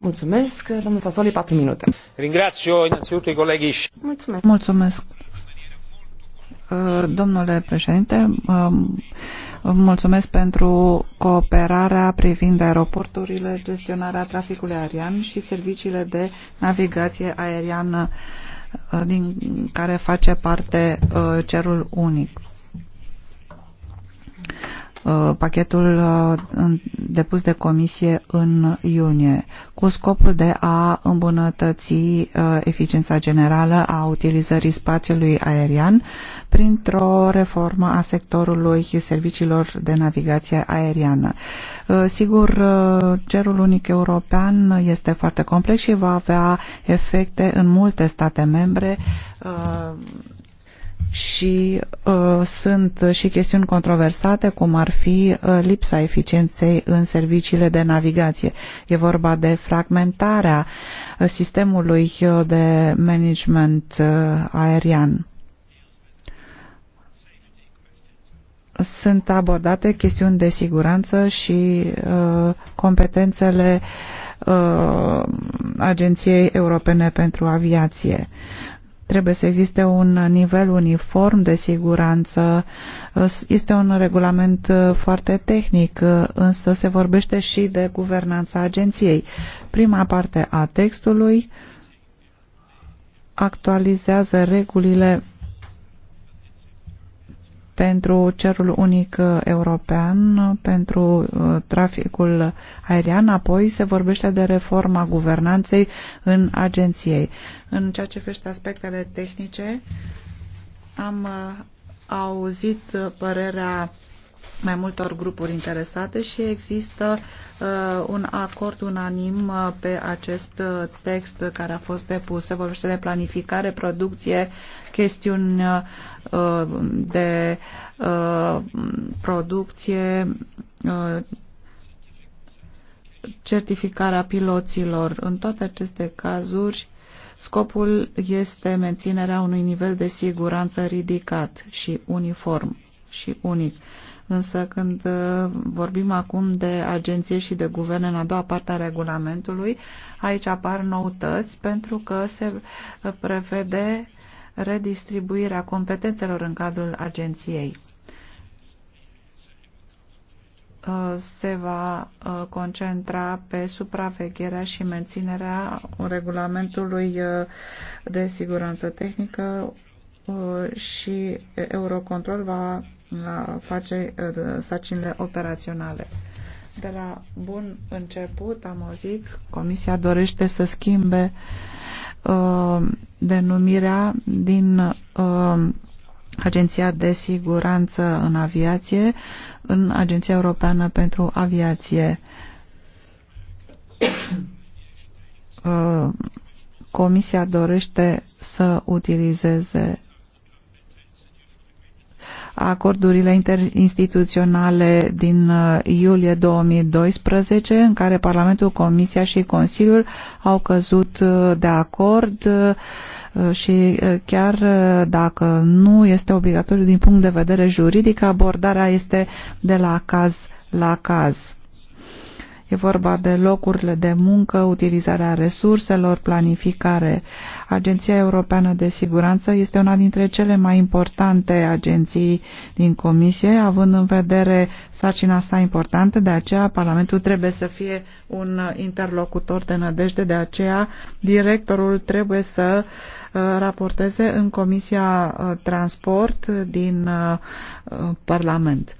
Mulțumesc, Ringrazio innanzitutto i colleghi. Uh, domnule președinte, um, mulțumesc pentru cooperarea privind aeroporturile, gestionarea traficului aerian și serviciile de navigație aeriană uh, din care face parte uh, cerul unic. Uh, pachetul uh, depus de comisie în iunie, cu scopul de a îmbunătăți uh, eficiența generală a utilizării spațiului aerian printr-o reformă a sectorului serviciilor de navigație aeriană. Sigur, cerul unic european este foarte complex și va avea efecte în multe state membre și uh, sunt și chestiuni controversate, cum ar fi uh, lipsa eficienței în serviciile de navigație. E vorba de fragmentarea uh, sistemului uh, de management uh, aerian. Sunt abordate chestiuni de siguranță și uh, competențele uh, Agenției Europene pentru Aviație. Trebuie să existe un nivel uniform de siguranță. Este un regulament uh, foarte tehnic, uh, însă se vorbește și de guvernanța agenției. Prima parte a textului actualizează regulile pentru cerul unic uh, european, pentru uh, traficul aerian, apoi se vorbește de reforma guvernanței în agenției. În ceea ce privește aspectele tehnice, am uh, auzit părerea mai multor grupuri interesate și există uh, un acord unanim uh, pe acest uh, text care a fost depus. Se vorbește de planificare, producție, chestiuni uh, de uh, producție, uh, certificarea piloților. În toate aceste cazuri, scopul este menținerea unui nivel de siguranță ridicat și uniform și unic. Uh, Însă când uh, vorbim acum de agenție și de guverne în a doua parte a regulamentului, aici apar noutăți pentru că se uh, prevede redistribuirea competențelor în cadrul agenției uh, se va concentra pe supravegherea și menținerea regulamentului de siguranță tehnică Uh, și Eurocontrol va uh, face uh, sacinile operaționale. De la bun început am auzit, Comisia dorește să schimbe denumirea din Agenția de Siguranță în Aviație în Agenția Europeană pentru Aviație. Comisia dorește să utilizeze acordurile interinstituționale din uh, iulie 2012, în care Parlamentul, Comisia și Consiliul au căzut uh, de acord uh, și chiar dacă nu este obligatoriu din punct de vedere juridic, abordarea este de la caz la caz. E vorba de locurile de muncă, utilizarea resurselor, planificare. Agenția Europeană de Siguranță este una dintre cele mai importante agenții din Comisie, având în vedere sarcina sa importantă, de aceea Parlamentul trebuie să fie un interlocutor de nădejde, de aceea directorul trebuie să uh, raporteze în Comisia uh, Transport din uh, Parlament.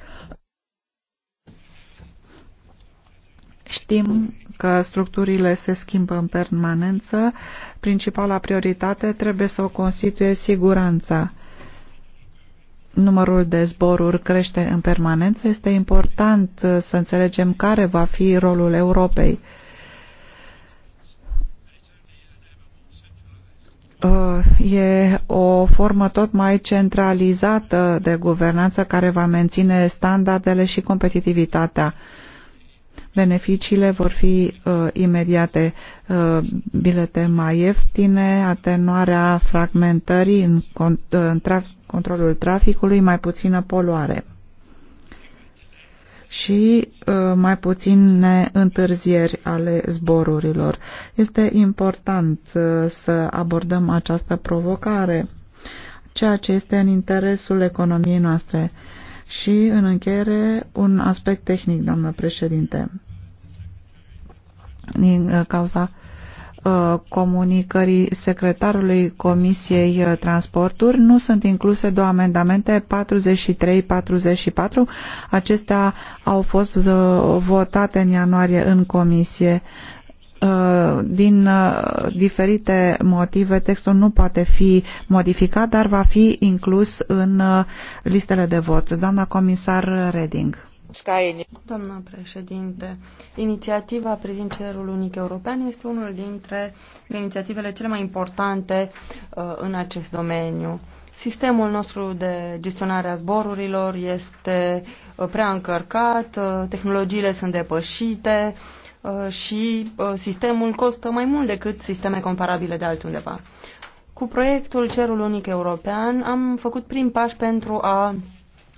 Știm că structurile se schimbă în permanență. Principala prioritate trebuie să o constituie siguranța. Numărul de zboruri crește în permanență. Este important să înțelegem care va fi rolul Europei. Uh, e o formă tot mai centralizată de guvernanță care va menține standardele și competitivitatea. Beneficiile vor fi uh, imediate uh, bilete mai ieftine, atenuarea fragmentării în, cont, uh, în traf- controlul traficului, mai puțină poluare și uh, mai puține întârzieri ale zborurilor. Este important uh, să abordăm această provocare, ceea ce este în interesul economiei noastre. Uh, și, în încheiere, un aspect tehnic, doamnă președinte. Din uh, cauza uh, comunicării secretarului Comisiei uh, Transporturi nu sunt incluse două amendamente 43-44. Acestea au fost votate în ianuarie în comisie. Uh, din uh, diferite motive textul nu poate fi modificat, dar va fi inclus în uh, listele de vot. Doamna comisar Reding. Doamna președinte, inițiativa privind cerul unic european este unul dintre inițiativele cele mai importante în acest domeniu. Sistemul nostru de gestionare a zborurilor este prea încărcat, tehnologiile sunt depășite, Uh, și uh, sistemul costă mai mult decât sisteme comparabile de altundeva. Cu proiectul Cerul Unic European am făcut prim pași pentru a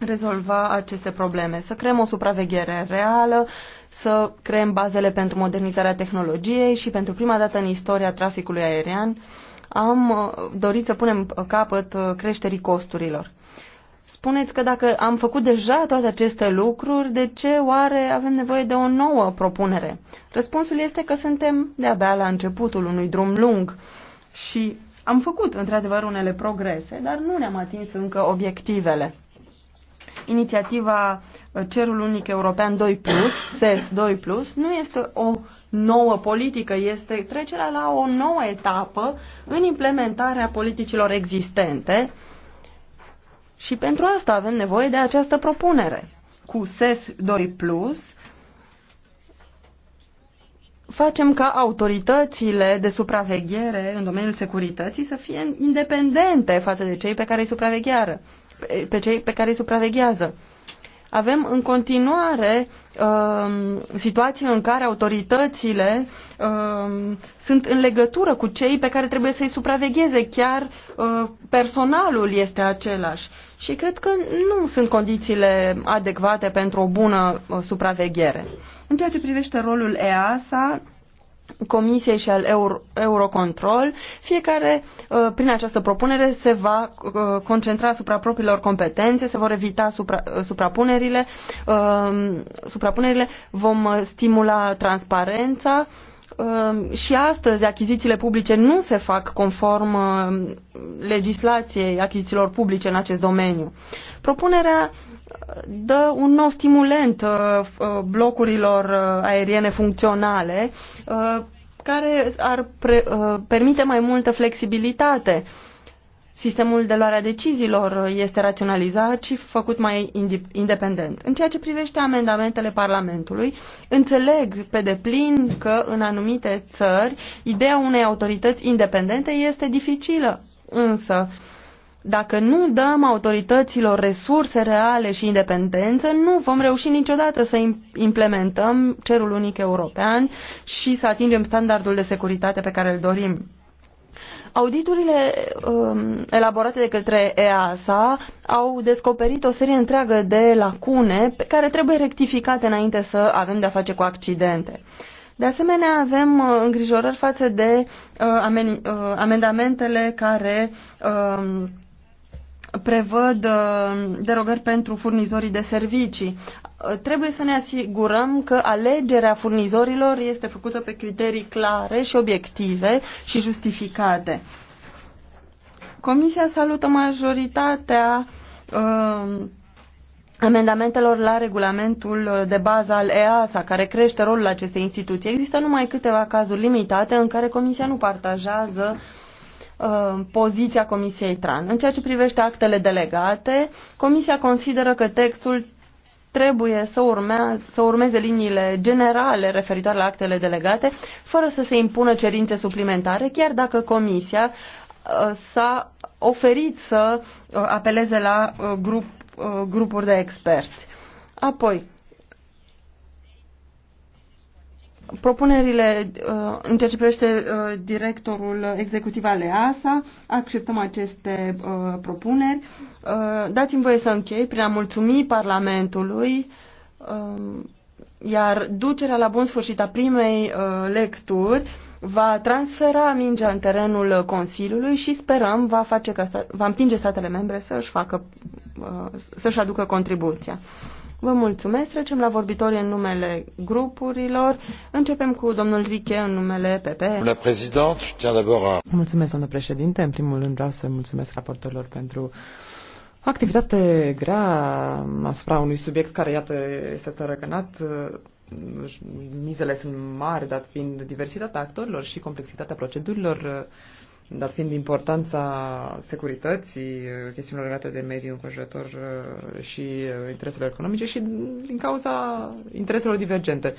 rezolva aceste probleme, să creăm o supraveghere reală, să creăm bazele pentru modernizarea tehnologiei și pentru prima dată în istoria traficului aerian am uh, dorit să punem capăt creșterii costurilor. Spuneți că dacă am făcut deja toate aceste lucruri, de ce oare avem nevoie de o nouă propunere? Răspunsul este că suntem de-abia la începutul unui drum lung și am făcut într-adevăr unele progrese, dar nu ne-am atins încă obiectivele. Inițiativa uh, Cerul Unic European 2+, SES 2+, nu este o nouă politică, este trecerea la o nouă etapă în implementarea politicilor existente, și pentru asta avem nevoie de această propunere. Cu SES 2 Plus facem ca autoritățile de supraveghere în domeniul securității să fie independente față de cei pe care îi supraveghează. Pe cei pe care îi supraveghează. Avem în continuare um, uh, situații în care autoritățile um, uh, sunt în legătură cu cei pe care trebuie să-i supravegheze, chiar uh, personalul este același și cred că nu sunt condițiile adecvate pentru o bună uh, supraveghere. În ceea ce privește rolul EASA, Comisiei și al Euro, Eurocontrol, fiecare uh, prin această propunere se va uh, concentra asupra propriilor competențe, se vor evita supra, suprapunerile, suprapunerile, vom stimula transparența, Um, și astăzi achizițiile publice nu se fac conform um, legislației achizițiilor publice în acest domeniu. Propunerea uh, dă un nou stimulent uh, uh, blocurilor aeriene funcționale care ar permite mai multă flexibilitate Sistemul de luare a deciziilor este raționalizat și făcut mai independent. În ceea ce privește amendamentele Parlamentului, înțeleg pe deplin că în anumite țări ideea unei autorități independente este dificilă, însă dacă nu dăm autorităților resurse reale și independență, nu vom reuși niciodată să implementăm cerul unic european și să atingem standardul de securitate pe care îl dorim. Auditurile um, elaborate de către EASA au descoperit o serie întreagă de lacune pe care trebuie rectificate înainte să avem de-a face cu accidente. De asemenea, avem uh, îngrijorări față de uh, amen, uh, amendamentele care uh, prevăd uh, derogări pentru furnizorii de servicii trebuie să ne asigurăm că alegerea furnizorilor este făcută pe criterii clare și obiective și justificate. Comisia salută majoritatea uh, amendamentelor la regulamentul de bază al EASA, care crește rolul acestei instituții. Există numai câteva cazuri limitate în care Comisia nu partajează um, poziția Comisiei TRAN. În ceea ce privește actele delegate, Comisia consideră că textul trebuie să, urmează, să urmeze liniile generale referitoare la actele delegate, fără să se impună cerințe suplimentare, chiar dacă Comisia uh, s-a oferit să uh, apeleze la uh, grup, grupuri de experți. Apoi, Propunerile uh, în ceea ce privește uh, directorul executiv al EASA, acceptăm aceste uh, propuneri. Dați-mi voie să închei prin a mulțumi Parlamentului, um, iar ducerea la bun sfârșit a primei lecturi va transfera mingea în terenul Consiliului și sperăm va, face ca, va împinge statele membre să-și, facă, să-și aducă contribuția. Vă mulțumesc. Trecem la vorbitorii în numele grupurilor. Începem cu domnul Riche în numele PP. Mulțumesc, domnule președinte. În primul rând vreau să mulțumesc raportorilor pentru activitate grea asupra unui subiect care, iată, este tărăcănat mizele sunt mari, dat fiind diversitatea actorilor și complexitatea procedurilor dat fiind importanța securității, chestiunilor legate de mediul înconjurător uh, și uh, intereselor economice și din cauza intereselor divergente.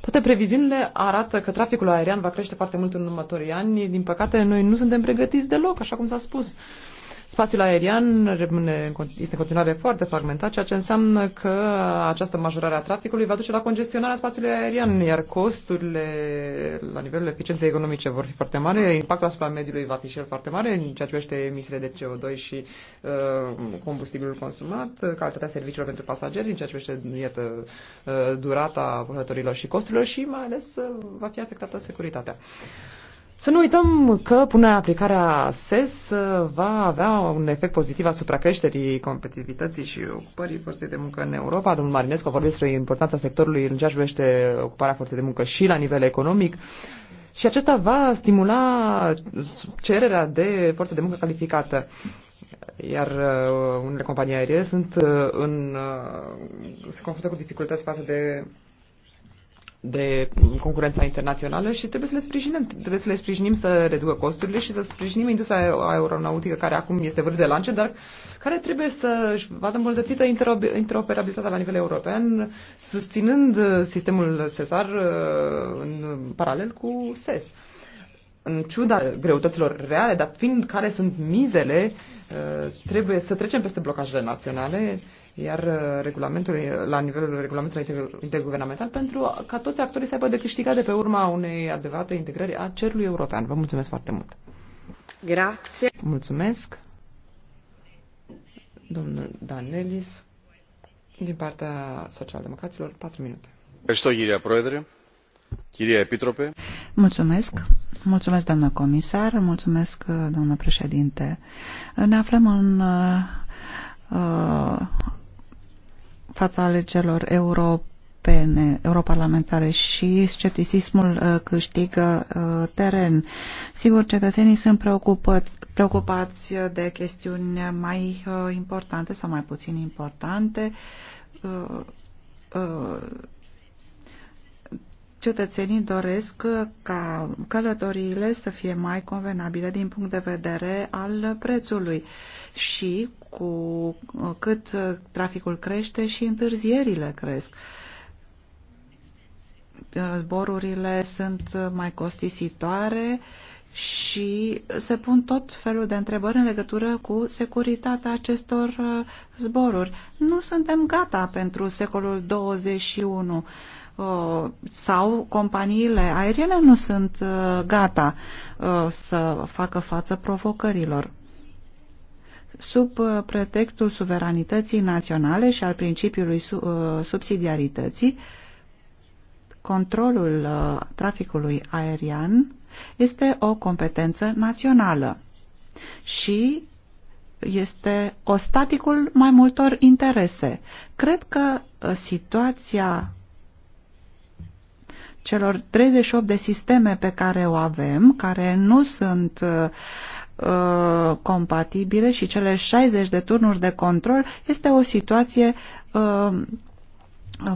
Toate previziunile arată că traficul aerian va crește foarte mult în următorii ani. Din păcate, noi nu suntem pregătiți deloc, așa cum s-a spus. Uh, Spațiul aerian este în continuare foarte fragmentat, ceea ce înseamnă că această majorare a traficului va duce la congestionarea spațiului aerian, iar costurile la nivelul eficienței economice vor fi foarte mari, impactul asupra mediului va fi și el foarte mare în ceea ce privește emisiile de CO2 și uh, combustibilul consumat, calitatea serviciilor pentru pasageri, în ceea ce privește uh, durata călătorilor și costurilor și mai ales uh, va fi afectată securitatea. Să nu uităm că punerea în aplicare a SES va avea un efect pozitiv asupra creșterii competitivității și ocupării forței de muncă în Europa. Domnul Marinescu a vorbit despre importanța sectorului în ceea ce privește ocuparea forței de muncă și la nivel economic. Și acesta va stimula cererea de forță de muncă calificată. Iar uh, unele companii aeriene sunt uh, în, uh, se confruntă cu dificultăți față de de concurența internațională și trebuie să le sprijinim. Trebuie să le sprijinim să reducă costurile și să sprijinim industria aeronautică care acum este vârf de lance, dar care trebuie să își vadă îmbunătățită interoperabilitatea la nivel european, susținând sistemul SESAR uh, în paralel cu SES în ciuda greutăților reale, dar fiind care sunt mizele, uh, trebuie să trecem peste blocajele naționale iar uh, regulamentul, la nivelul regulamentului interguvernamental, pentru ca toți actorii să aibă de câștigat de pe urma unei adevărate integrări a cerului european. Vă mulțumesc foarte mult! Grație! Mulțumesc! Domnul Danelis, din partea socialdemocraților, 4 minute. Mulțumesc! Mulțumesc, doamnă comisar, mulțumesc, doamnă președinte. Ne aflăm în uh, uh fața alegerilor europene, europarlamentare și scepticismul uh, câștigă uh, teren. Sigur, cetățenii sunt preocupați, preocupați de chestiuni mai uh, importante sau mai puțin importante. Cetățenii doresc ca călătoriile să fie mai convenabile din punct de vedere al prețului. Uh, și cu uh, cât uh, traficul crește și întârzierile cresc. Uh, zborurile sunt mai costisitoare și se pun tot felul de întrebări în legătură cu securitatea acestor zboruri. Nu suntem gata pentru secolul 21 sau companiile aeriene nu sunt gata să facă față provocărilor sub uh, pretextul suveranității naționale și al principiului uh, subsidiarității, controlul uh, traficului aerian este o competență națională și este ostaticul mai multor interese. Cred că situația celor 38 de sisteme pe care o avem, care nu sunt Uh, compatibile și cele 60 de turnuri de control este o situație uh,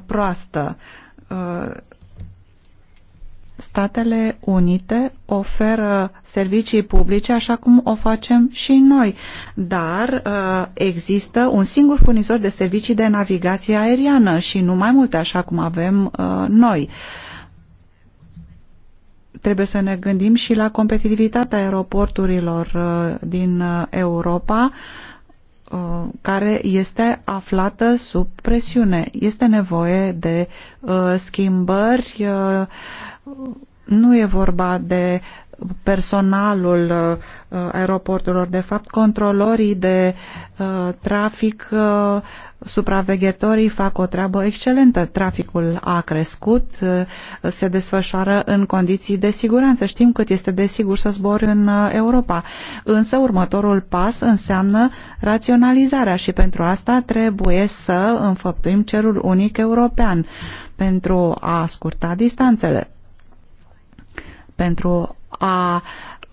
proastă. Uh, Statele Unite oferă servicii publice așa cum o facem și noi, dar există un singur furnizor de servicii de navigație aeriană și nu mai multe așa cum avem noi. Uh, trebuie să ne gândim și la competitivitatea aeroporturilor uh, din uh, Europa, uh, care este aflată sub presiune. Este nevoie de schimbări. Nu e vorba de personalul uh, uh, aeroporturilor. De fapt, controlorii de uh, trafic, supraveghetorii fac o treabă excelentă. Traficul a crescut, se desfășoară în condiții de siguranță. Știm cât este de sigur să zbori în Europa. Însă următorul pas înseamnă raționalizarea și pentru asta trebuie să înfăptuim cerul unic european pentru a scurta distanțele pentru a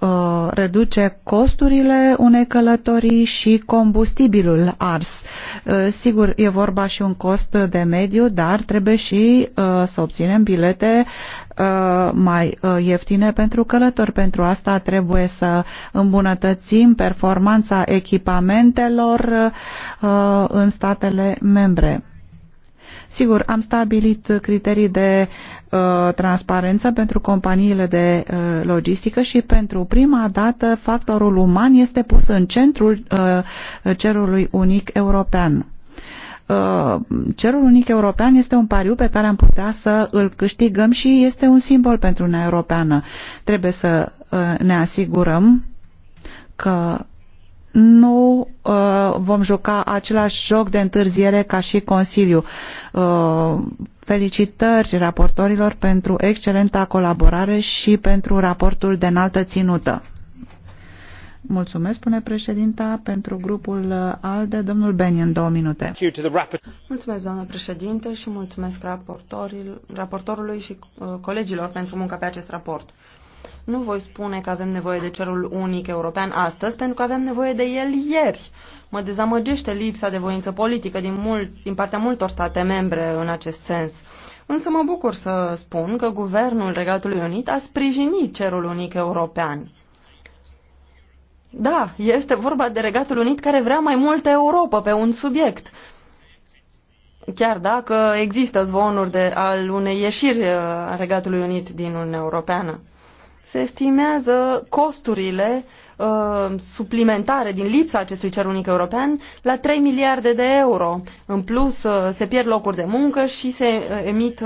ă, reduce costurile unei călătorii și combustibilul ars. Ă, sigur, e vorba și un cost de mediu, dar trebuie și ă, să obținem bilete mai ieftine pentru călători. Pentru asta trebuie să îmbunătățim performanța echipamentelor în statele membre Sigur, am stabilit criterii de uh, transparență pentru companiile de uh, logistică și pentru prima dată factorul uman este pus în centrul uh, cerului unic european uh, cerul unic european este un pariu pe care am putea să îl câștigăm și este un simbol pentru Uniunea Europeană. Trebuie să uh, ne asigurăm că nu uh, vom juca același joc de întârziere ca și Consiliu. Uh, felicitări raportorilor pentru excelenta colaborare și pentru raportul de înaltă ținută. Mulțumesc, spune președinta, pentru grupul ALDE, domnul Beni, în două minute. Mulțumesc, doamnă președinte, și mulțumesc raportorului și uh, colegilor pentru munca pe acest raport. Nu voi spune că avem nevoie de cerul unic european astăzi, pentru că avem nevoie de el ieri. Mă dezamăgește lipsa de voință politică din, mult, din partea multor state membre în acest sens. Însă mă bucur să spun că Guvernul Regatului Unit a sprijinit cerul unic european. Da, este vorba de Regatul Unit care vrea mai multă Europa pe un subiect. Chiar dacă există zvonuri de al unei ieșiri uh, a Regatului Unit din Uniunea Europeană se estimează costurile uh, suplimentare din lipsa acestui cer unic european la 3 miliarde de euro. În plus, uh, se pierd locuri de muncă și se uh, emit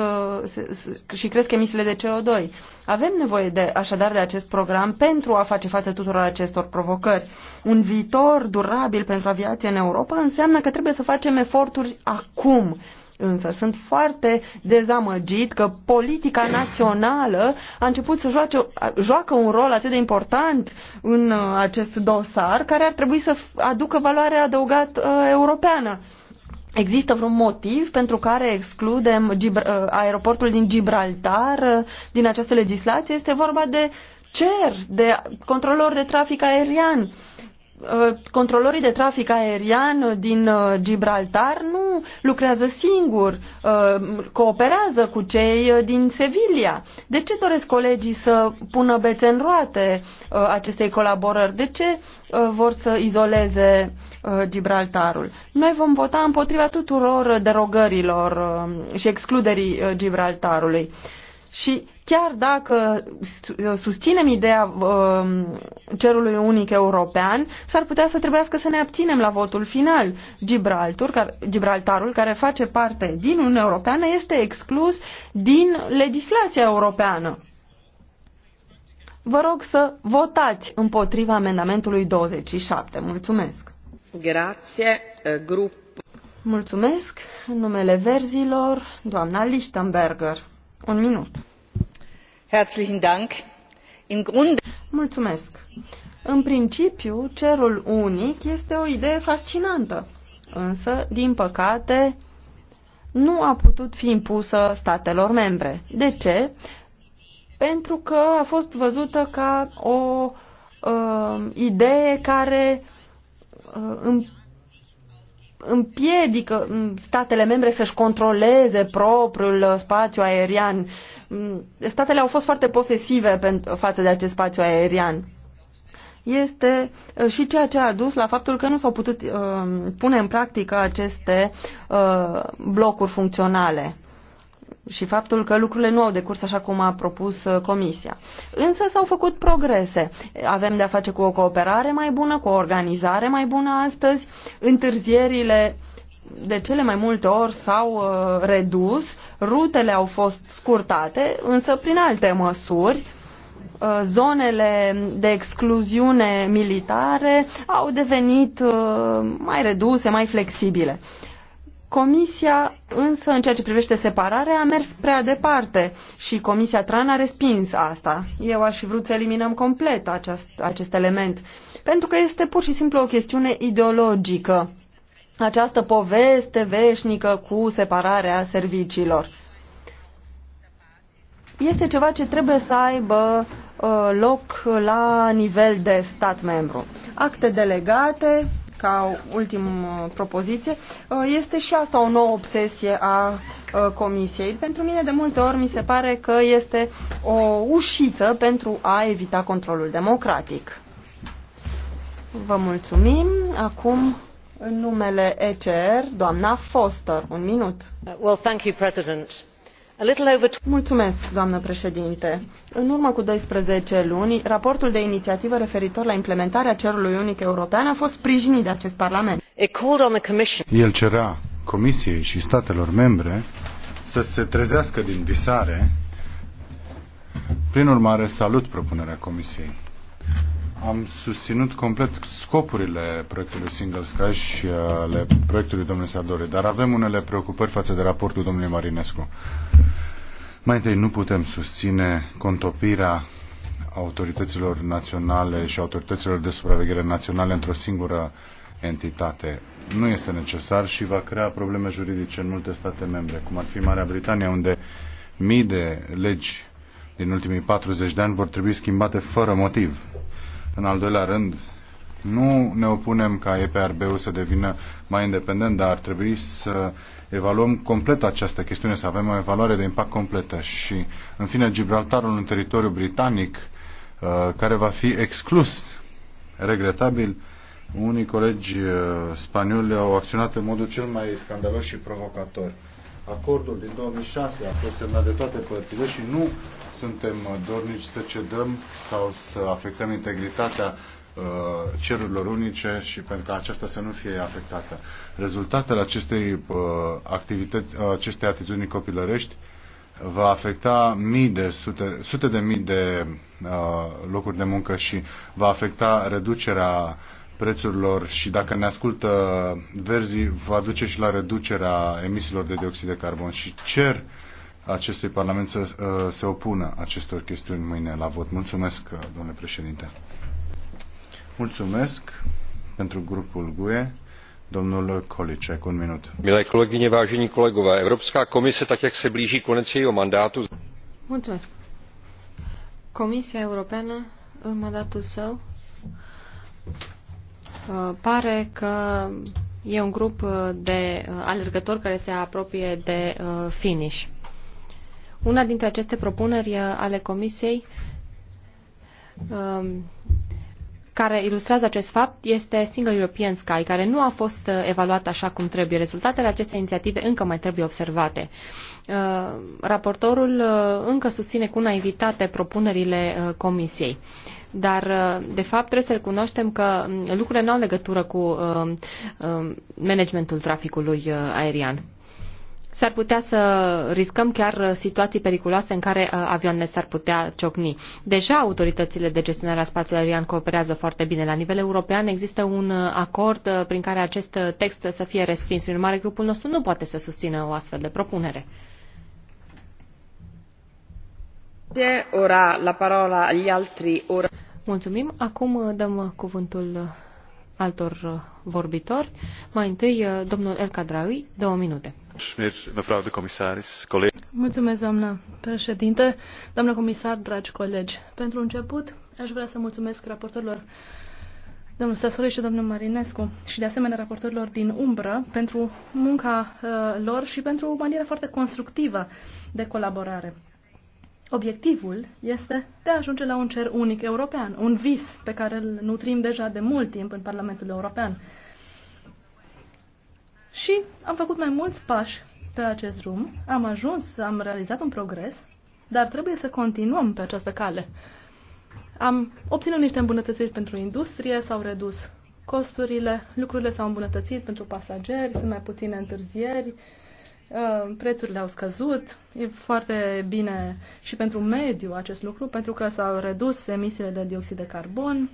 și cresc emisiile de CO2. Avem nevoie de, așadar de acest program pentru a face față tuturor acestor provocări. Un viitor durabil pentru aviație în Europa înseamnă că trebuie să facem eforturi acum Însă sunt foarte dezamăgit că politica națională a început să joace, joacă un rol atât de important în uh, acest dosar, care ar trebui să aducă valoare adăugată uh, europeană. Există vreun motiv pentru care excludem uh, aeroportul din Gibraltar uh, din această legislație? Este vorba de cer, de controlor de trafic aerian. Uh, Uh, controlorii de trafic aerian din uh, Gibraltar nu lucrează singur, uh, cooperează cu cei din Sevilla. De ce doresc colegii să pună bețe în roate acestei colaborări? De ce vor să izoleze Gibraltarul? Noi vom vota împotriva tuturor derogărilor și excluderii Gibraltarului. Și chiar dacă susținem ideea um, cerului unic european, s-ar putea să trebuiască să ne abținem la votul final. Gibraltar, care, Gibraltarul, care face parte din Uniunea Europeană, este exclus din legislația europeană. Vă rog să votați împotriva amendamentului 27. Mulțumesc! Grație, eh, grup. Mulțumesc. În numele verzilor, doamna Lichtenberger. Un minut în principiu, cerul unic este o idee fascinantă, însă, din păcate, nu a putut fi impusă statelor membre. De ce? Pentru că a fost văzută ca o uh, idee care uh, împiedică statele membre să-și controleze propriul uh, spațiu aerian uh, Mm, statele au fost foarte posesive față de acest spațiu aerian. Este uh, și ceea ce a dus la faptul că nu s-au putut uh, pune în practică aceste uh, blocuri funcționale și faptul că lucrurile nu au decurs așa cum a propus uh, Comisia. Însă s-au făcut progrese. Avem de-a face cu o cooperare mai bună, cu o organizare mai bună astăzi. Întârzierile de cele mai multe ori s-au uh, redus, rutele au fost scurtate, însă prin alte măsuri, uh, zonele de excluziune militare au devenit uh, mai reduse, mai flexibile. Comisia, însă, în ceea ce privește separarea, a mers prea departe și Comisia Tran a respins asta. Eu aș fi vrut să eliminăm complet acest, acest element, pentru că este pur și simplu o chestiune ideologică această poveste veșnică cu separarea serviciilor. Este ceva ce trebuie să aibă uh, loc la nivel de stat membru. Acte delegate, ca ultimă propoziție, uh, este și asta o nouă obsesie a uh, Comisiei. Pentru mine, de multe ori, mi se pare că este o ușiță pentru a evita controlul democratic. Vă mulțumim. Acum în numele ECR, doamna Foster, un minut. Uh, well, thank you, President. Mulțumesc, doamnă președinte. În urmă cu 12 luni, raportul de inițiativă referitor la implementarea cerului unic european a fost sprijinit de acest Parlament. El cerea Comisiei și statelor membre să se trezească din visare. Prin urmare, salut propunerea Comisiei am susținut complet scopurile proiectului Single Sky și uh, ale proiectului domnului Sardori, dar avem unele preocupări față de raportul domnului Marinescu. Mai întâi, nu putem susține contopirea autorităților naționale și autorităților de supraveghere naționale într-o singură entitate. Nu este necesar și va crea probleme juridice în multe state membre, cum ar fi Marea Britanie, unde mii de legi din ultimii 40 de ani vor trebui schimbate fără motiv. În al doilea rând, nu ne opunem ca EPRB-ul să devină mai independent, dar ar trebui să evaluăm complet această chestiune, să avem o evaluare de impact completă. Și, în fine, Gibraltarul, un teritoriu britanic, uh, care va fi exclus, regretabil, unii colegi uh, spanioli au acționat în modul cel mai scandalos și provocator. Acordul din 2006 a fost semnat de toate părțile și nu suntem dornici să cedăm sau să afectăm integritatea uh, cerurilor unice și pentru ca aceasta să nu fie afectată. Rezultatele acestei uh, activități, uh, acestei atitudini copilărești va afecta mii de sute, sute de mii de locuri de muncă și va afecta reducerea prețurilor și dacă ne ascultă verzii va duce și la reducerea emisiilor de dioxid de carbon și cer uh, acestui Parlament să uh, se opună acestor chestiuni mâine la vot. Mulțumesc, uh, domnule președinte. Mulțumesc pentru grupul GUE. Domnul Količek, un minut. Milé kolegyně, vážení kolegové, Evropská komise, tak jak se blíží konec jejího mandátu... Mulțumesc. Comisia Europeană, în mandatul său, uh, pare că e un grup de alergători care se apropie de finish. Una dintre aceste propuneri uh, ale Comisiei um, care ilustrează acest fapt este Single European Sky, care nu a fost uh, evaluat așa cum trebuie. Rezultatele acestei inițiative încă mai trebuie observate. Uh, raportorul încă susține cu naivitate propunerile Comisiei. Dar, de fapt, trebuie să recunoaștem că um, lucrurile nu au legătură cu um, managementul traficului aerian s-ar putea să riscăm chiar situații periculoase în care uh, avioanele s-ar putea ciocni. Deja autoritățile de gestionare a spațiului aerian cooperează foarte bine. La nivel european există un uh, acord uh, prin care acest text să fie respins. Prin urmare, grupul nostru nu poate să susțină o astfel de propunere. Ora la parola agli altri ora. Mulțumim. Acum dăm cuvântul altor uh, vorbitori. Mai întâi, uh, domnul El Cadraui, două minute. Mulțumesc, doamnă președinte, doamnă comisar, dragi colegi. Pentru început, aș vrea să mulțumesc raportorilor domnul Sasoli și domnul Marinescu și de asemenea raportorilor din umbră pentru munca uh, lor și pentru maniera foarte constructivă de colaborare. Obiectivul este de a ajunge la un cer unic european, un vis pe care îl nutrim deja de mult timp în Parlamentul European. Și am făcut mai mulți pași pe acest drum, am ajuns, am realizat un progres, dar trebuie să continuăm pe această cale. Am obținut niște îmbunătățiri pentru industrie, s-au redus costurile, lucrurile s-au îmbunătățit pentru pasageri, sunt mai puține întârzieri, uh, Uh, prețurile au scăzut, e foarte bine și pentru mediu acest lucru, pentru că s-au redus emisiile de dioxid de carbon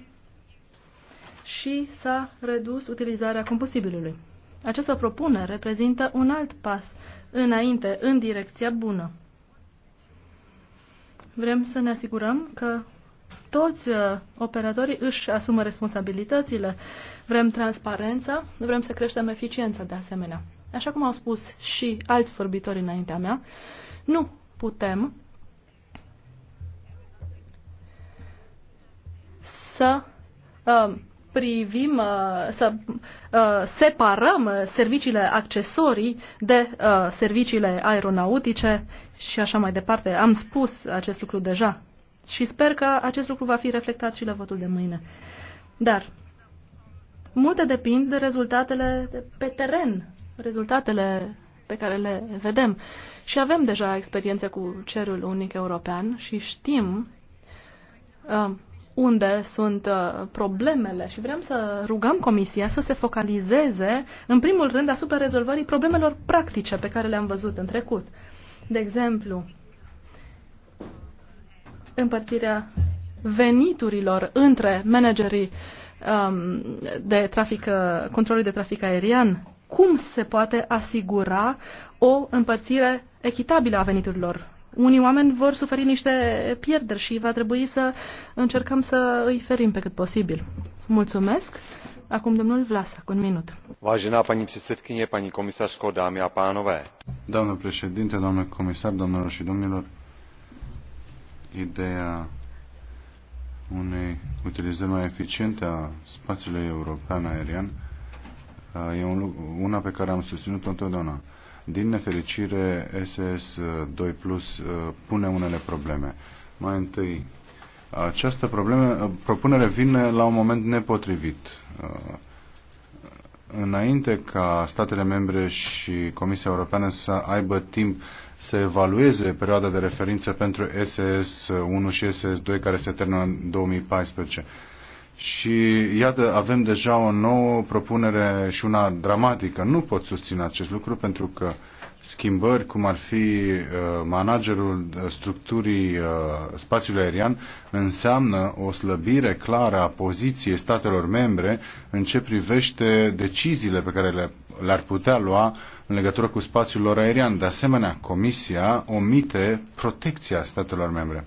și s-a redus utilizarea combustibilului. Această propunere reprezintă un alt pas înainte, în direcția bună. Vrem să ne asigurăm că toți uh, operatorii își asumă responsabilitățile. Vrem transparență, vrem să creștem eficiența de asemenea. Așa cum au spus și alți vorbitori înaintea mea, nu putem să uh, privim, uh, să uh, separăm serviciile accesorii de uh, serviciile aeronautice și așa mai departe. Am spus acest lucru deja și sper că acest lucru va fi reflectat și la votul de mâine. Dar multe depind de rezultatele de pe teren rezultatele pe care le vedem. Și avem deja experiențe cu cerul unic european și știm uh, unde sunt uh, problemele și vrem să rugăm Comisia să se focalizeze, în primul rând, asupra rezolvării problemelor practice pe care le-am văzut în trecut. De exemplu, împărțirea veniturilor între managerii um, de trafic, uh, controlul de trafic aerian cum se poate asigura o împărțire echitabilă a veniturilor. Unii oameni vor suferi niște pierderi și va trebui să încercăm să îi ferim pe cât posibil. Mulțumesc. Acum domnul cu un minut. Vážená pani předsedkyně, pani komisařko, dámy a pánové. Domnul președinte, domnul comisar, domnilor și domnilor, ideea unei utilizări mai eficiente a spațiului european aerian Ah, e un, una pe care am susținut-o întotdeauna. Din nefericire, SS2 Plus ah, pune unele probleme. Mai întâi, această probleme, ah, propunere vine la un moment nepotrivit. Înainte ca statele membre și Comisia Europeană să aibă timp să evalueze perioada de referință pentru SS1 și SS2 care se termină în 2014. Și iată, avem deja o nouă propunere și una dramatică. Nu pot susține acest lucru pentru că schimbări, cum ar fi uh, managerul structurii uh, spațiului aerian, înseamnă o slăbire clară a poziției statelor membre în ce privește deciziile pe care le, le-ar putea lua în legătură cu spațiul lor aerian. De asemenea, Comisia omite protecția statelor membre.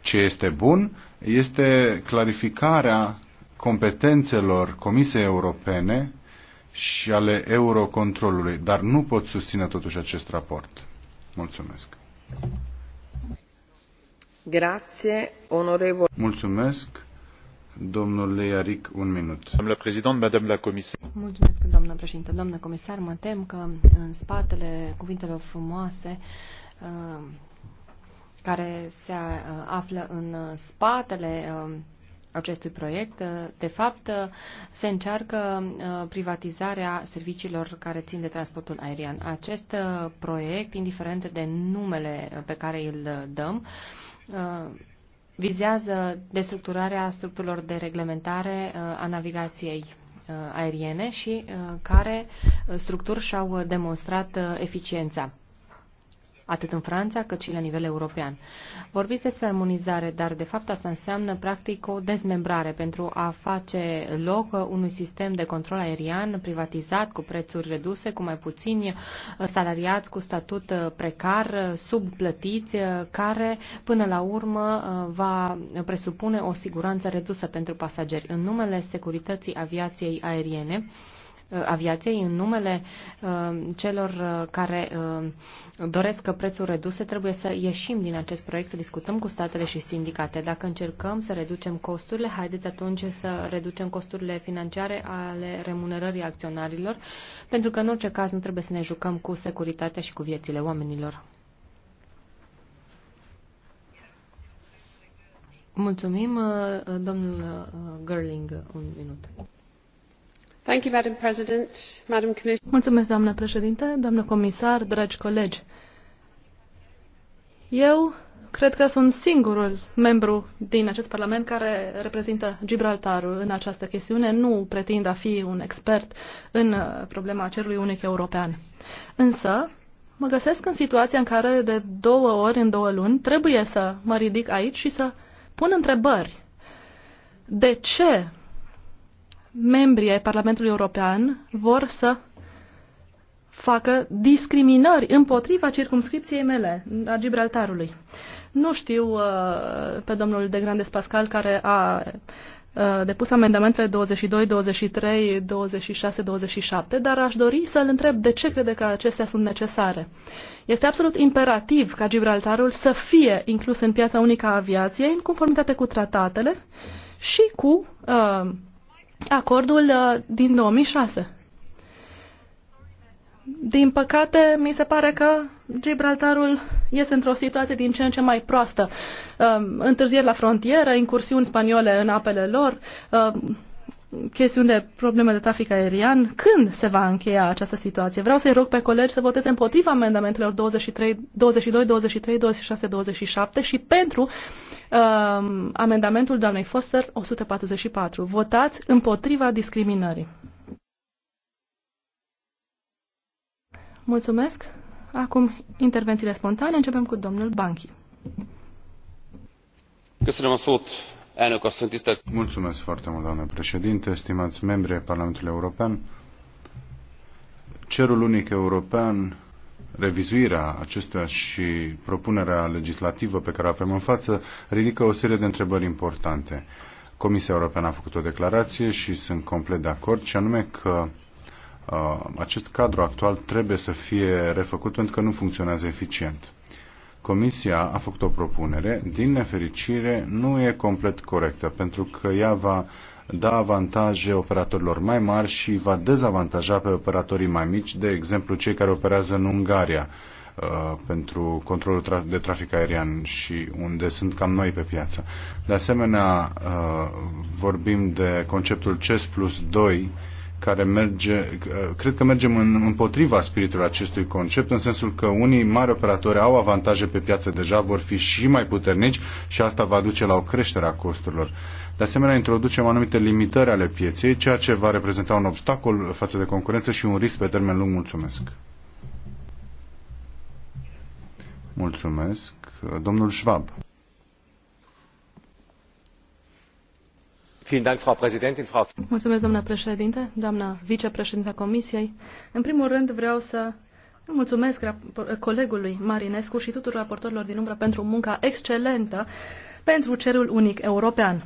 Ce este bun este clarificarea competențelor Comisiei Europene și ale Eurocontrolului, dar nu pot susține totuși acest raport. Mulțumesc. Grazie, onorevole. Mulțumesc. Domnule Learic, un minut. Domnule președinte, doamnă comisar. Mulțumesc, doamnă președinte. Doamnă comisar, mă tem că în spatele cuvintelor frumoase uh, care se uh, află în spatele uh, acestui proiect. De fapt, se încearcă uh, privatizarea serviciilor care țin de transportul aerian. Acest uh, proiect, indiferent de numele pe care îl dăm, uh, vizează destructurarea structurilor de reglementare a navigației aeriene și care structuri și-au demonstrat eficiența atât în Franța cât și la nivel european. Vorbiți despre armonizare, dar de fapt asta înseamnă practic o dezmembrare pentru a face loc unui sistem de control aerian privatizat cu prețuri reduse, cu mai puțini salariați, cu statut precar, subplătiți, care până la urmă va presupune o siguranță redusă pentru pasageri. În numele securității aviației aeriene, Uh, aviației în numele uh, celor uh, care doresc prețuri reduse, trebuie să ieșim din acest proiect, să discutăm cu statele și sindicate. Dacă încercăm să reducem costurile, haideți atunci să reducem costurile financiare ale remunerării acționarilor, pentru că în orice caz nu trebuie să ne jucăm cu securitatea și cu viețile oamenilor. Mulțumim, domnul Gerling, un minut. Mulțumesc, doamnă președinte, doamnă comisar, dragi colegi. Eu cred că sunt singurul membru din acest Parlament care reprezintă Gibraltarul în această chestiune. Nu pretind a fi un expert în uh, problema cerului unic european. Însă, mă găsesc în situația în care de două ori în două luni trebuie să mă ridic aici și să pun întrebări. De ce membrii ai Parlamentului European vor să facă discriminări împotriva circumscripției mele, a Gibraltarului. Nu știu uh, pe domnul de Grandes Pascal care a uh, depus amendamentele 22, 23, 26, 27, dar aș dori să-l întreb de ce crede că acestea sunt necesare. Este absolut imperativ ca Gibraltarul să fie inclus în piața unică a aviației în conformitate cu tratatele și cu uh, acordul uh, din 2006. Din păcate, mi se pare că Gibraltarul este într-o situație din ce în ce mai proastă. Uh, întârzieri la frontieră, incursiuni spaniole în apele lor, uh, chestiuni de probleme de trafic aerian. Când se va încheia această situație? Vreau să-i rog pe colegi să voteze împotriva amendamentelor 23, 22, 23, 26, 27 și pentru Um, amendamentul doamnei Foster 144. Votați împotriva discriminării. Mulțumesc. Acum intervențiile spontane. Începem cu domnul Banchi. Mulțumesc foarte mult, doamnă președinte, stimați membri ai Parlamentului European. Cerul unic european revizuirea acestuia și propunerea legislativă pe care o avem în față ridică o serie de întrebări importante. Comisia Europeană a făcut o declarație și sunt complet de acord, și anume că uh, acest cadru actual trebuie să fie refăcut pentru că nu funcționează eficient. Comisia a făcut o propunere, din nefericire nu e complet corectă, pentru că ea va da avantaje operatorilor mai mari și va dezavantaja pe operatorii mai mici, de exemplu cei care operează în Ungaria uh, pentru controlul de trafic aerian și unde sunt cam noi pe piață. De asemenea, uh, vorbim de conceptul CES plus 2, care merge, uh, cred că mergem în, împotriva spiritului acestui concept, în sensul că unii mari operatori au avantaje pe piață deja, vor fi și mai puternici și asta va duce la o creștere a costurilor. De asemenea, introducem anumite limitări ale pieței, ceea ce va reprezenta un obstacol față de concurență și un risc pe termen lung. Mulțumesc! Mulțumesc! Domnul Schwab. Mulțumesc, domnule președinte, vicepreședintă a Comisiei. În primul rând vreau să mulțumesc colegului Marinescu și tuturor raportorilor din umbră pentru munca excelentă pentru cerul unic european.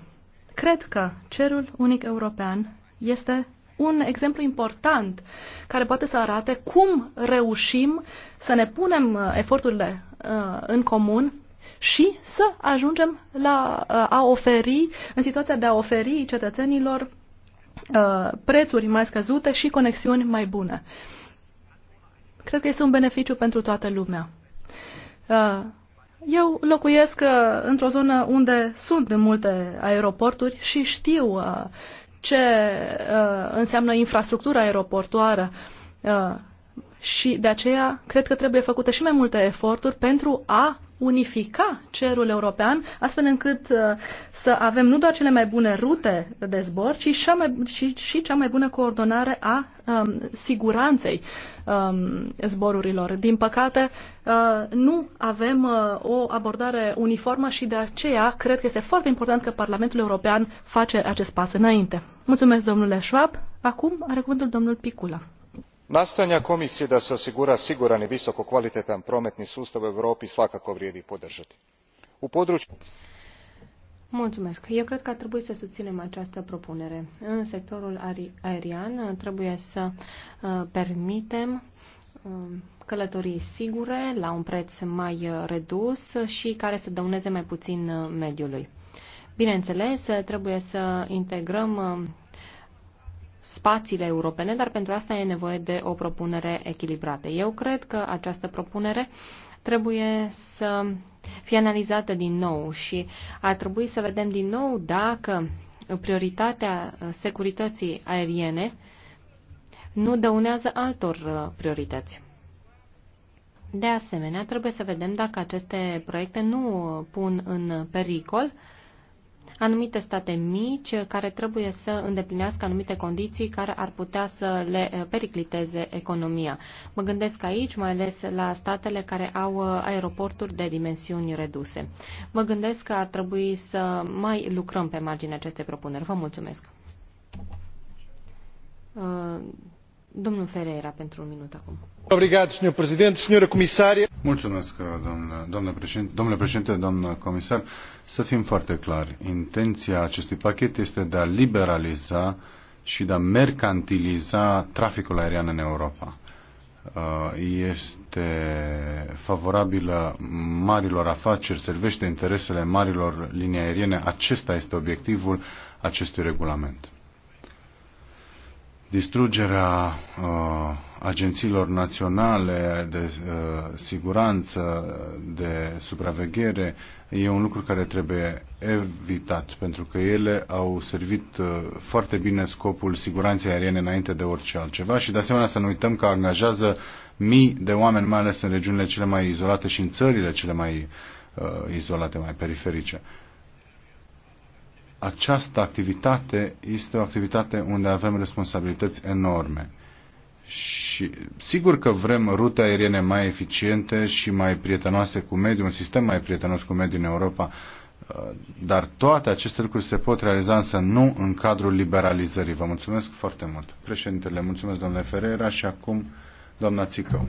Cred că cerul unic european este un exemplu important care poate să arate cum reușim să ne punem uh, eforturile uh, în comun și să ajungem la uh, a oferi, în situația de a oferi cetățenilor uh, prețuri mai scăzute și conexiuni mai bune. Cred că este un beneficiu pentru toată lumea. Uh, eu locuiesc într-o zonă unde sunt multe aeroporturi și știu ce înseamnă infrastructura aeroportoară și de aceea cred că trebuie făcute și mai multe eforturi pentru a unifica cerul european, astfel încât uh, să avem nu doar cele mai bune rute de zbor, ci și, mai, și, și cea mai bună coordonare a um, siguranței um, zborurilor. Din păcate, uh, nu avem uh, o abordare uniformă și de aceea cred că este foarte important că Parlamentul European face acest pas înainte. Mulțumesc, domnule Schwab. Acum are cuvântul domnul Picula nastojanja komisije da se osigura siguran i visokokvalitetan prometni sustav u europi svakako vrijedi podrati. Mulțumesc. Eu cred că ar trebui să susținem această propunere. În sectorul aerian uh, trebuie să uh, permitem um, călătorii sigure la un preț mai uh, redus și care să dăuneze mai puțin mediului. Bineînțeles, trebuie să integrăm um, spațiile europene, dar pentru asta e nevoie de o propunere echilibrată. Eu cred că această propunere trebuie să fie analizată din nou și ar trebui să vedem din nou dacă prioritatea securității aeriene nu dăunează altor priorități. De asemenea, trebuie să vedem dacă aceste proiecte nu pun în pericol uh, anumite state mici eh, care trebuie să îndeplinească anumite condiții care ar putea să le eh, pericliteze economia. Mă gândesc aici mai ales la statele care au eh, aeroporturi de dimensiuni reduse. Mă gândesc că ar trebui să mai lucrăm pe marginea acestei propuneri. Vă mulțumesc! Domnul Ferreira, pentru un minut acum. domnule, președinte, domnule președinte, comisar. Să fim foarte clari, intenția acestui pachet este de a liberaliza și de a mercantiliza traficul aerian în Europa. Uh, este favorabilă marilor afaceri, servește interesele marilor linii aeriene. Acesta este obiectivul acestui regulament distrugerea uh, agențiilor naționale de uh, siguranță, de supraveghere, e un lucru care trebuie evitat, pentru că ele au servit uh, foarte bine scopul siguranței aeriene înainte de orice altceva și, de asemenea, să nu uităm că angajează mii de oameni, mai ales în regiunile cele mai izolate și în țările cele mai uh, izolate, mai periferice. Uh, această activitate este o activitate unde avem responsabilități enorme. Și sigur că vrem rute aeriene mai eficiente și mai prietenoase cu mediul, un sistem mai prietenos cu mediul în Europa, uh, dar toate aceste lucruri se pot realiza însă nu în cadrul liberalizării. Vă mulțumesc foarte mult. Președintele, mulțumesc domnule Ferreira și acum doamna Țicău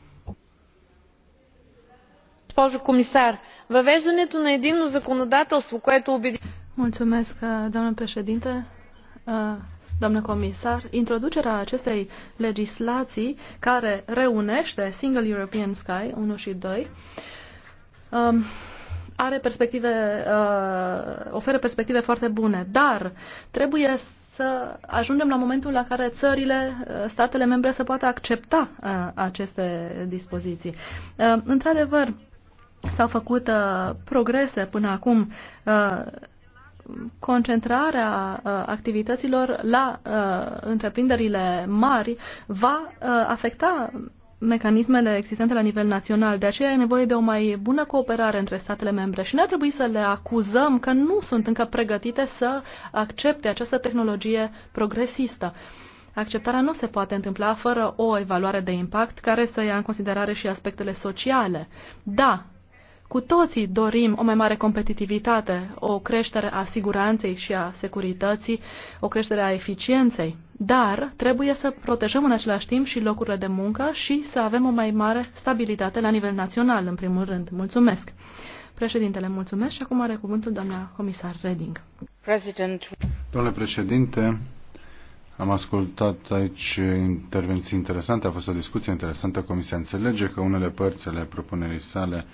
госпожо комисар въвеждането на единно законодателство което обединява. președinte comisar introducerea acestei legislații care reunește single european sky unu și doi um, are perspective oferă perspective foarte bune dar trebuie să ajungem la momentul la care țările, statele membre să poată accepta aceste dispoziții. Într-adevăr, S-au făcut uh, progrese până acum. Uh, concentrarea uh, activităților la uh, întreprinderile mari va uh, afecta mecanismele existente la nivel național. De aceea e nevoie de o mai bună cooperare între statele membre și nu ar trebui să le acuzăm că nu sunt încă pregătite să accepte această tehnologie progresistă. Acceptarea nu se poate întâmpla fără o evaluare de impact care să ia în considerare și aspectele sociale. Da, cu toții dorim o mai mare competitivitate, o creștere a siguranței și a securității, o creștere a eficienței, dar trebuie să protejăm în același timp și locurile de muncă și să avem o mai mare stabilitate la nivel național, în primul rând. Mulțumesc! Președintele, mulțumesc și acum are cuvântul doamna comisar Reding. President. Domnule președinte, am ascultat aici intervenții interesante, a fost o discuție interesantă. Comisia înțelege că unele părți ale propunerii sale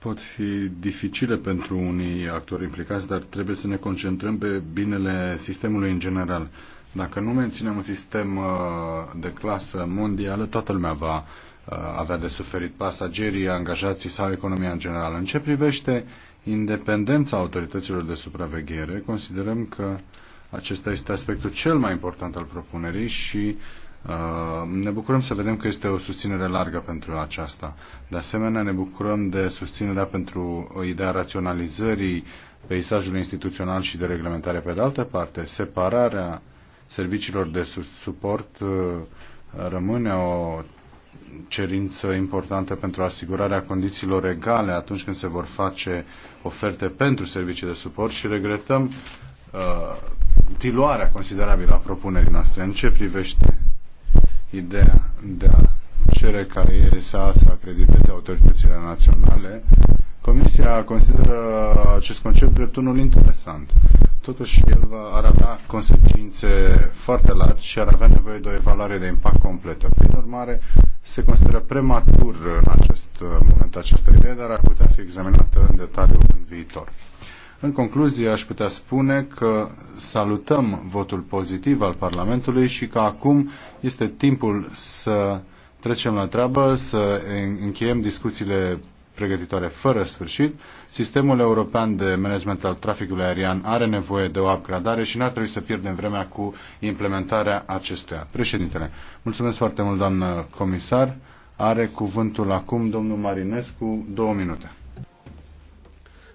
pot fi dificile pentru unii actori implicați, dar trebuie să ne concentrăm pe binele sistemului în general. Dacă nu menținem un sistem uh, de clasă mondială, toată lumea va uh, avea de suferit pasagerii, angajații sau economia în general. În ce privește independența autorităților de supraveghere, considerăm că acesta este aspectul cel mai important al propunerii și uh, Uh, ne bucurăm să vedem că este o susținere largă pentru aceasta. De asemenea, ne bucurăm de susținerea pentru ideea raționalizării peisajului instituțional și de reglementare pe de altă parte. Separarea serviciilor de suport uh, rămâne o cerință importantă pentru asigurarea condițiilor egale atunci când se vor face oferte pentru servicii de suport și regretăm uh, diluarea considerabilă a propunerii noastre. În ce privește ideea de a cere ca ESA să acrediteze autoritățile naționale, Comisia consideră acest concept drept unul interesant. Totuși, el ar avea consecințe foarte largi și ar avea nevoie de o evaluare de impact completă. Prin urmare, se consideră prematur în acest moment această idee, dar ar putea fi examinată în detaliu în viitor. În concluzie, aș putea spune că salutăm votul pozitiv al Parlamentului și că acum este timpul să trecem la treabă, să încheiem discuțiile pregătitoare fără sfârșit. Sistemul european de management al traficului aerian are nevoie de o upgradare și n-ar trebui să pierdem vremea cu implementarea acestuia. Președintele, mulțumesc foarte mult, doamnă comisar. Are cuvântul acum domnul Marinescu, două minute.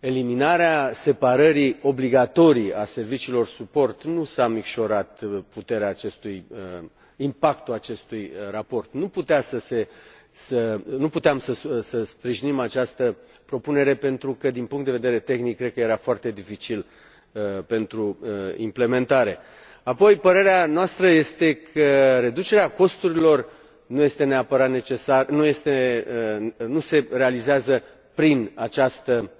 eliminarea separării obligatorii a serviciilor suport nu s a micșorat uh, puterea acestui uh, impactul acestui uh, raport. nu puteam să sprijinim această propunere pentru că din punct de vedere tehnic cred că era foarte dificil pentru implementare. apoi părerea noastră este că reducerea costurilor nu este neapărat necesară nu se realizează prin această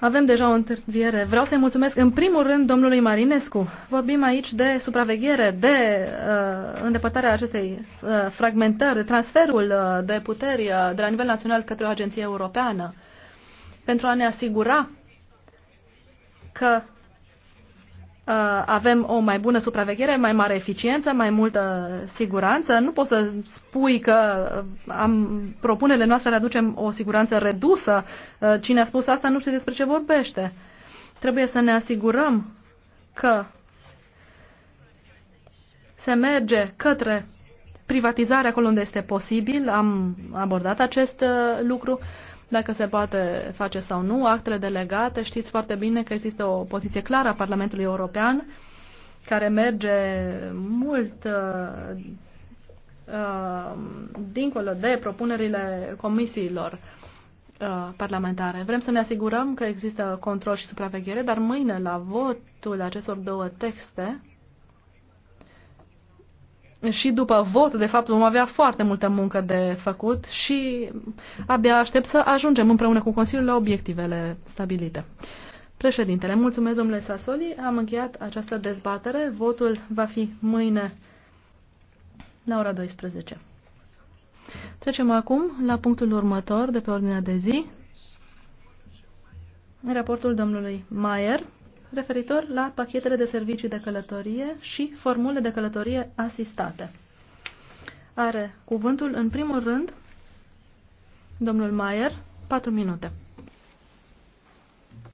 avem deja o întârziere. Vreau să-i mulțumesc în primul rând domnului Marinescu. Vorbim aici de supraveghere, de uh, îndepărtarea acestei uh, fragmentări, de transferul uh, de puteri uh, de la nivel național către o agenție europeană pentru a ne asigura că Uh, avem o mai bună supraveghere, mai mare eficiență, mai multă siguranță. Nu poți să spui că uh, am, propunerile noastre le aducem o siguranță redusă. Uh, cine a spus asta nu știe despre ce vorbește. Trebuie să ne asigurăm că se merge către privatizare acolo unde este posibil. Am abordat acest lucru. Uh, dacă se poate face sau nu, actele delegate. Știți foarte bine că există o poziție clară a Parlamentului European care merge mult uh, uh, dincolo de propunerile comisiilor uh, parlamentare. Vrem să ne asigurăm că există control și supraveghere, dar mâine la votul acestor două texte și după vot, de fapt, vom avea foarte multă muncă de făcut și abia aștept să ajungem împreună cu Consiliul la obiectivele stabilite. Președintele, mulțumesc domnule Sasoli, am încheiat această dezbatere, votul va fi mâine la ora 12. Trecem acum la punctul următor de pe ordinea de zi, raportul domnului Mayer referitor la pachetele de servicii de călătorie și formule de călătorie asistate. Are cuvântul în primul rând domnul Maier, 4 minute.